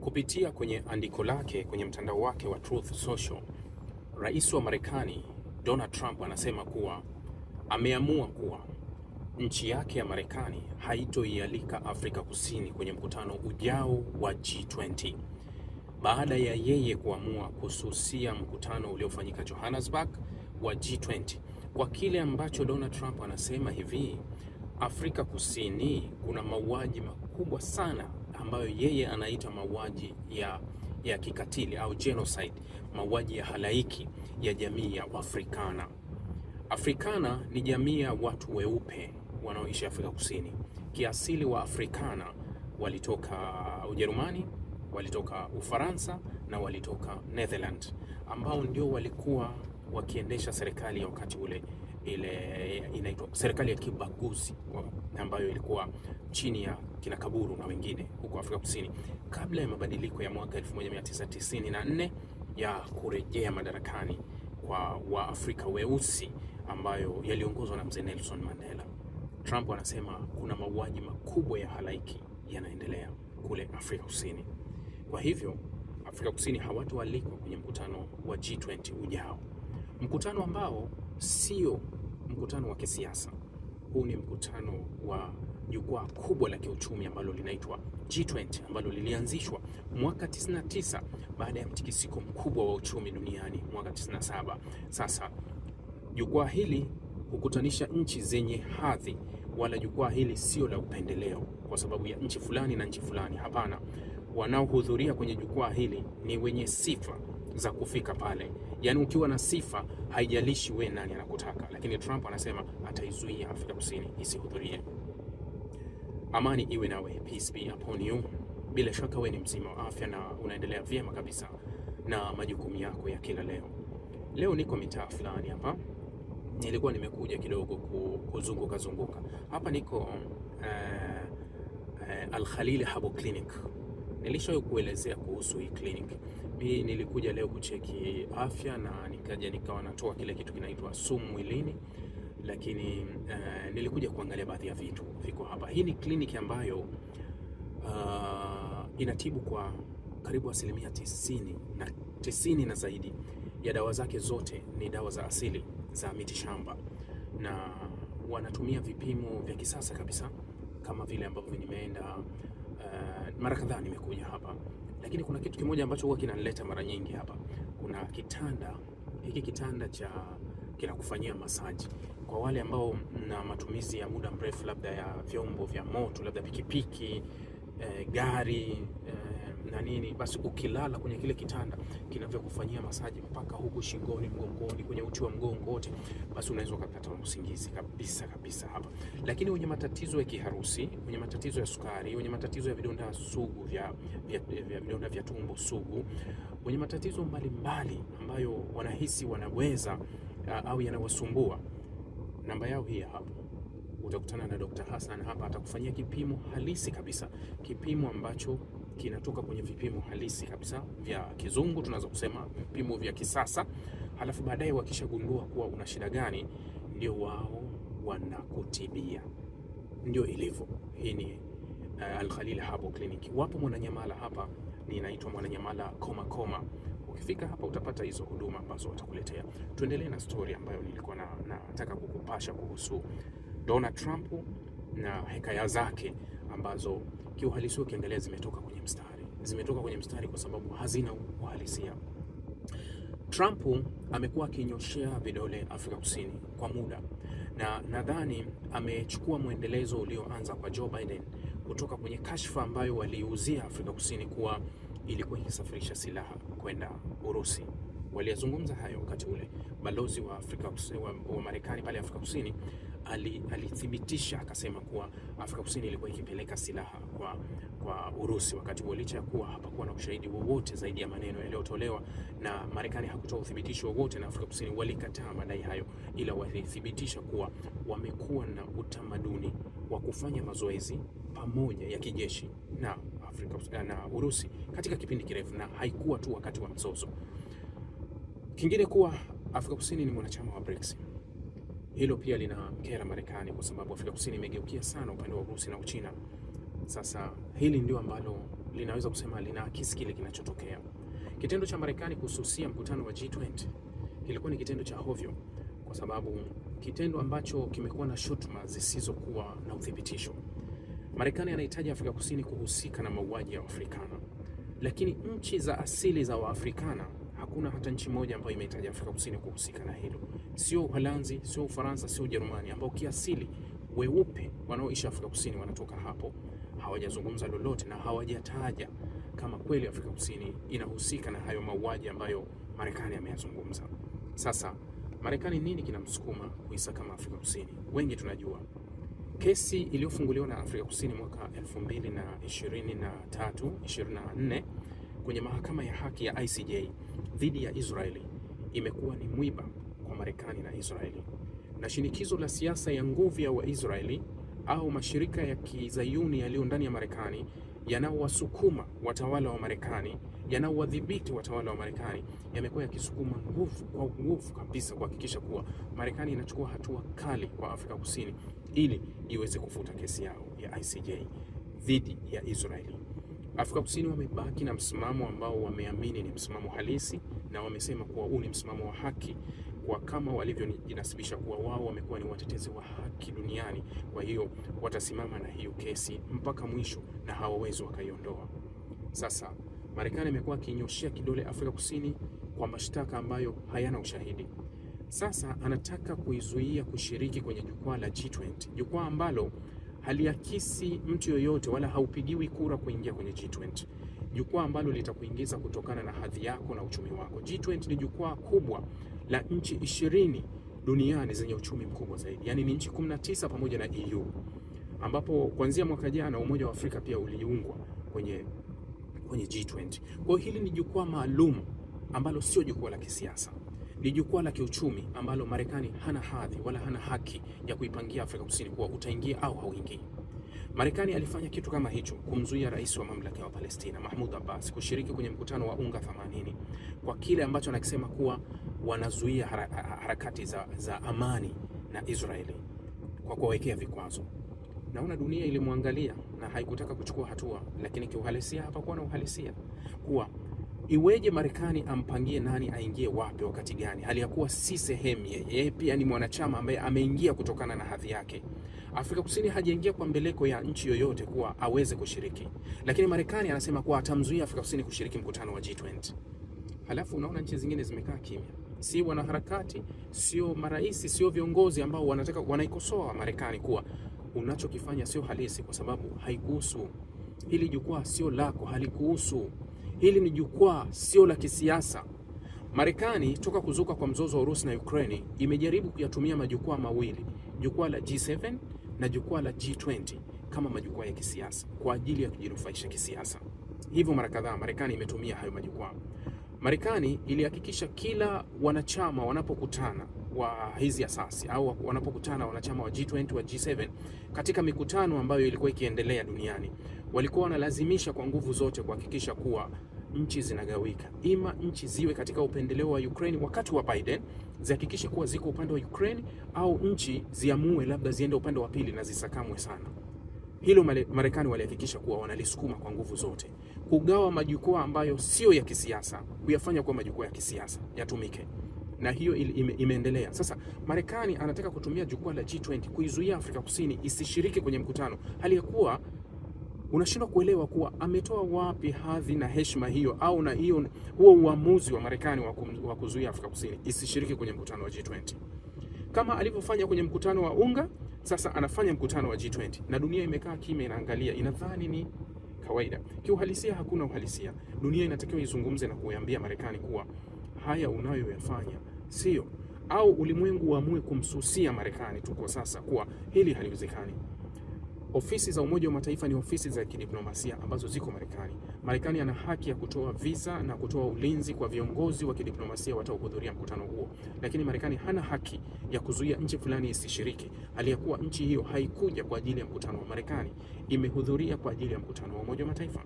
Kupitia kwenye andiko lake kwenye mtandao wake wa Truth Social, rais wa Marekani Donald Trump anasema kuwa ameamua kuwa nchi yake ya Marekani haitoialika Afrika Kusini kwenye mkutano ujao wa G20 baada ya yeye kuamua kususia mkutano uliofanyika Johannesburg wa G20 kwa kile ambacho Donald Trump anasema hivi Afrika Kusini kuna mauaji makubwa sana ambayo yeye anaita mauaji ya, ya kikatili au genocide, mauaji ya halaiki ya jamii ya afrikana Afrikana ni jamii ya watu weupe wanaoishi Afrika Kusini. Kiasili wa Afrikana walitoka Ujerumani, walitoka Ufaransa na walitoka Netherlands ambao ndio walikuwa wakiendesha serikali ya wakati ule ile inaitwa serikali ya kibaguzi ambayo ilikuwa chini ya kina Kaburu na wengine huko Afrika Kusini kabla ya mabadiliko ya mwaka 1994 ya kurejea madarakani kwa Waafrika weusi ambayo yaliongozwa na mzee Nelson Mandela. Trump anasema kuna mauaji makubwa ya halaiki yanaendelea kule Afrika Kusini. Kwa hivyo Afrika Kusini hawatoalikwa kwenye mkutano wa G20 ujao, mkutano ambao sio mkutano wa kisiasa. Huu ni mkutano wa jukwaa kubwa la kiuchumi ambalo linaitwa G20 ambalo lilianzishwa mwaka 99 baada ya mtikisiko mkubwa wa uchumi duniani mwaka 97. Sasa jukwaa hili hukutanisha nchi zenye hadhi, wala jukwaa hili sio la upendeleo kwa sababu ya nchi fulani na nchi fulani. Hapana, wanaohudhuria kwenye jukwaa hili ni wenye sifa za kufika pale. Yaani ukiwa na sifa, haijalishi we nani anakutaka. Lakini Trump anasema ataizuia Afrika Kusini isihudhurie. Amani iwe nawe, peace be upon you. Bila shaka we ni mzima wa afya na unaendelea vyema kabisa na majukumu yako ya kila leo. Leo niko mitaa fulani hapa, nilikuwa nimekuja kidogo kuzunguka zunguka hapa, niko uh, uh, Al Khalil Habu Clinic nilishawahi kuelezea kuhusu hii clinic. Mimi nilikuja leo kucheki afya na nikaja nikawa natoa kile kitu kinaitwa sumu mwilini, lakini uh, nilikuja kuangalia baadhi ya vitu viko hapa. Hii ni clinic ambayo uh, inatibu kwa karibu asilimia tisini na tisini na zaidi ya dawa zake zote ni dawa za asili za miti shamba, na wanatumia vipimo vya kisasa kabisa kama vile ambavyo nimeenda uh, mara kadhaa nimekuja hapa, lakini kuna kitu kimoja ambacho huwa kinanileta mara nyingi hapa. Kuna kitanda hiki, kitanda cha kinakufanyia masaji kwa wale ambao mna matumizi ya muda mrefu, labda ya vyombo vya moto, labda pikipiki, eh, gari eh, nini, basi ukilala kwenye kile kitanda kinavyokufanyia masaji mpaka huku shingoni, mgongoni, kwenye uti wa mgongo wote, basi unaweza ukapata usingizi kabisa kabisa hapa. Lakini wenye matatizo ya kiharusi, wenye matatizo ya sukari, wenye matatizo ya vidonda sugu vya, vya, vya vidonda vya tumbo sugu, wenye matatizo mbalimbali mbali ambayo wanahisi wanaweza au yanawasumbua, namba yao hii hapo utakutana na Dr. Hassan hapa, atakufanyia kipimo halisi kabisa, kipimo ambacho kinatoka kwenye vipimo halisi kabisa vya kizungu, tunaweza kusema vipimo vya kisasa. Halafu baadaye wakishagundua kuwa una shida gani, ndio wao wanakutibia. Ndio ilivyo. Hii ni uh, Al-Khalil Herbal Clinic. Wapo Mwananyamala hapa, ninaitwa Mwananyamala Koma Koma. Ukifika hapa utapata hizo huduma ambazo watakuletea. Tuendelee na story ambayo nilikuwa nataka na kukupasha kuhusu Donald Trump na hekaya zake ambazo kiuhalisia ukiangalia zimetoka kwenye mstari, zimetoka kwenye mstari kwa sababu hazina uhalisia. Trump amekuwa akinyoshea vidole Afrika Kusini kwa muda, na nadhani amechukua mwendelezo ulioanza kwa Joe Biden kutoka kwenye kashfa ambayo waliuzia Afrika Kusini kuwa ilikuwa ikisafirisha silaha kwenda Urusi. Waliyazungumza hayo wakati ule balozi wa Afrika wa Marekani pale Afrika Kusini alithibitisha akasema kuwa Afrika Kusini ilikuwa ikipeleka silaha kwa, kwa Urusi wakati huo, licha ya kuwa hapakuwa na ushahidi wowote zaidi ya maneno yaliyotolewa na Marekani. Hakutoa uthibitisho wowote, na Afrika Kusini walikataa madai hayo, ila walithibitisha kuwa wamekuwa na utamaduni wa kufanya mazoezi pamoja ya kijeshi na Afrika na Urusi katika kipindi kirefu, na haikuwa tu wakati wa mzozo. Kingine kuwa Afrika Kusini ni mwanachama wa BRICS hilo pia lina kera Marekani kwa sababu Afrika Kusini imegeukia sana upande wa Urusi na Uchina. Sasa hili ndio ambalo linaweza kusema linaakisi kile kinachotokea. Kitendo cha Marekani kususia mkutano wa G20 ilikuwa ni kitendo cha hovyo, kwa sababu kitendo ambacho kimekuwa na shutuma zisizokuwa na uthibitisho. Marekani anahitaji Afrika Kusini kuhusika na mauaji ya Waafrikana, lakini nchi za asili za Waafrikana hakuna hata nchi moja ambayo imehitaji Afrika Kusini kuhusika na hilo, sio Uholanzi, sio Ufaransa, sio Ujerumani, ambao kiasili weupe wanaoishi Afrika Kusini wanatoka hapo. Hawajazungumza lolote na hawajataja kama kweli Afrika Kusini inahusika na hayo mauaji ambayo Marekani ameyazungumza. Sasa Marekani, nini kinamsukuma kuisa kama Afrika Kusini? Wengi tunajua kesi iliyofunguliwa na Afrika Kusini mwaka 2023 24 kwenye mahakama ya haki ya ICJ dhidi ya Israeli imekuwa ni mwiba kwa Marekani na Israeli, na shinikizo la siasa ya nguvu ya Waisraeli au mashirika ya kizayuni yaliyo ndani ya Marekani yanaowasukuma watawala wa Marekani yanaowadhibiti watawala wa Marekani yamekuwa yakisukuma nguvu kwa nguvu kabisa kuhakikisha kuwa Marekani inachukua hatua kali kwa Afrika Kusini ili iweze kufuta kesi yao ya ICJ dhidi ya Israeli. Afrika Kusini wamebaki na msimamo ambao wameamini ni msimamo halisi, na wamesema kuwa huu ni msimamo wa haki kwa kama walivyojinasibisha kuwa wao wamekuwa ni watetezi wa haki duniani. Kwa hiyo watasimama na hiyo kesi mpaka mwisho na hawawezi wakaiondoa. Sasa Marekani imekuwa akinyoshea kidole Afrika Kusini kwa mashtaka ambayo hayana ushahidi. Sasa anataka kuizuia kushiriki kwenye jukwaa la G20, jukwaa ambalo haliakisi mtu yoyote wala haupigiwi kura kuingia kwenye G20, jukwaa ambalo litakuingiza kutokana na hadhi yako na uchumi wako. G20 ni jukwaa kubwa la nchi ishirini duniani zenye uchumi mkubwa zaidi, yaani ni nchi 19 pamoja na EU, ambapo kuanzia mwaka jana Umoja wa Afrika pia uliungwa kwenye kwenye G20. Kwa hiyo hili ni jukwaa maalum ambalo sio jukwaa la kisiasa ni jukwaa la kiuchumi ambalo Marekani hana hadhi wala hana haki ya kuipangia Afrika Kusini kuwa utaingia au hauingii. Marekani alifanya kitu kama hicho kumzuia rais wa mamlaka wa Palestina Mahmoud Abbas kushiriki kwenye mkutano wa UNGA 80 kwa kile ambacho anakisema kuwa wanazuia harakati za, za amani na Israeli kwa kuwawekea vikwazo. Naona dunia ilimwangalia na haikutaka kuchukua hatua, lakini kiuhalisia hapakuwa na uhalisia kuwa Iweje Marekani ampangie nani aingie wapi wakati gani, hali ya kuwa si sehemu yeye, yeye pia ni mwanachama ambaye ameingia kutokana na hadhi yake. Afrika Kusini hajaingia kwa mbeleko ya nchi yoyote kuwa aweze kushiriki, lakini Marekani anasema kuwa atamzuia Afrika Kusini kushiriki mkutano wa G20. Halafu unaona nchi zingine zimekaa kimya, si wanaharakati, sio marais, sio viongozi ambao wanataka wanaikosoa Marekani kuwa unachokifanya sio halisi, kwa sababu haikuhusu hili jukwaa, sio lako, halikuhusu. Hili ni jukwaa sio la kisiasa. Marekani toka kuzuka kwa mzozo wa Urusi na Ukraini imejaribu kuyatumia majukwaa mawili, jukwaa la G7 na jukwaa la G20 kama majukwaa ya kisiasa kwa ajili ya kujinufaisha kisiasa. Hivyo mara kadhaa Marekani imetumia hayo majukwaa. Marekani ilihakikisha kila wanachama wanapokutana wa hizi asasi au wanapokutana wanachama wa G20 wa G7 katika mikutano ambayo ilikuwa ikiendelea duniani, walikuwa wanalazimisha kwa nguvu zote kuhakikisha kuwa nchi zinagawika, ima nchi ziwe katika upendeleo wa Ukraine wakati wa Biden, zihakikishe kuwa ziko upande wa Ukraine, au nchi ziamue labda ziende upande wa pili na zisakamwe sana. Hilo Marekani walihakikisha kuwa wanalisukuma kwa nguvu zote kugawa majukwaa ambayo sio ya kisiasa, kuyafanya kuwa majukwaa ya kisiasa yatumike, na hiyo ime, imeendelea. Sasa Marekani anataka kutumia jukwaa la G20 kuizuia Afrika Kusini isishiriki kwenye mkutano, hali ya kuwa unashindwa kuelewa kuwa ametoa wapi hadhi na heshima hiyo au na hiyo huo uamuzi wa Marekani wa kuzuia Afrika Kusini isishiriki kwenye mkutano wa G20 kama alivyofanya kwenye mkutano wa UNGA. Sasa anafanya mkutano wa G20 na dunia imekaa kimya, inaangalia, inadhani ni kawaida. Kiuhalisia hakuna uhalisia. Dunia inatakiwa izungumze na kuiambia Marekani kuwa haya unayoyafanya sio, au ulimwengu uamue kumsusia Marekani tu kwa sasa kuwa hili haliwezekani. Ofisi za Umoja wa Mataifa ni ofisi za kidiplomasia ambazo ziko Marekani. Marekani ana haki ya kutoa visa na kutoa ulinzi kwa viongozi wa kidiplomasia wataohudhuria mkutano huo, lakini Marekani hana haki ya kuzuia nchi fulani isishiriki, hali ya kuwa nchi hiyo haikuja kwa ajili ya mkutano wa Marekani, imehudhuria kwa ajili ya mkutano wa Umoja wa Mataifa.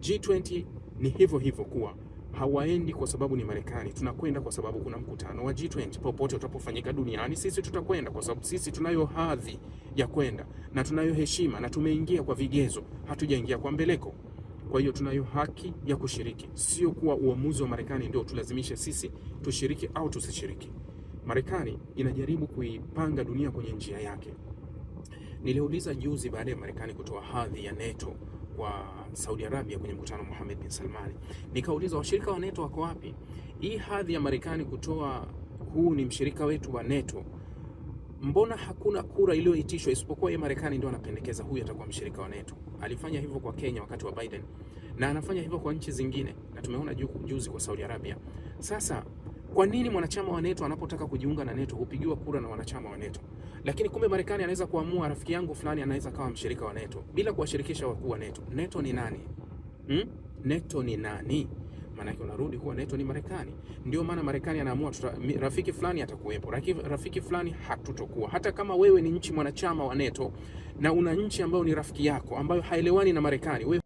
G20 ni hivyo hivyo kuwa hawaendi kwa sababu ni Marekani, tunakwenda kwa sababu kuna mkutano wa G20. Popote utapofanyika duniani, sisi tutakwenda kwa sababu sisi tunayo hadhi ya kwenda na tunayo heshima, na tumeingia kwa vigezo, hatujaingia kwa mbeleko. Kwa hiyo tunayo haki ya kushiriki, sio kuwa uamuzi wa Marekani ndio tulazimishe sisi tushiriki au tusishiriki. Marekani inajaribu kuipanga dunia kwenye njia yake. Niliuliza juzi baada ya Marekani kutoa hadhi ya NATO wa Saudi Arabia kwenye mkutano wa Mohammed bin Salman. Nikauliza washirika wa NATO wako wapi? Hii hadhi ya Marekani kutoa huu ni mshirika wetu wa NATO, mbona hakuna kura iliyoitishwa isipokuwa yeye Marekani ndio anapendekeza huyu atakuwa mshirika wa NATO? Alifanya hivyo kwa Kenya wakati wa Biden na anafanya hivyo kwa nchi zingine, na tumeona juu juzi kwa Saudi Arabia. Sasa kwa nini mwanachama wa NATO anapotaka kujiunga na NATO hupigiwa kura na wanachama wa NATO? Lakini kumbe Marekani anaweza kuamua rafiki yangu fulani anaweza kawa mshirika wa NATO bila kuwashirikisha wakuu wa NATO. NATO ni nani? Hmm? NATO ni nani? Maanake unarudi kuwa NATO ni Marekani. Ndio maana Marekani anaamua tuta, rafiki fulani atakuwepo, rafiki fulani hatutokuwa. Hata kama wewe ni nchi mwanachama wa NATO na una nchi ambayo ni rafiki yako ambayo haelewani na Marekani, wewe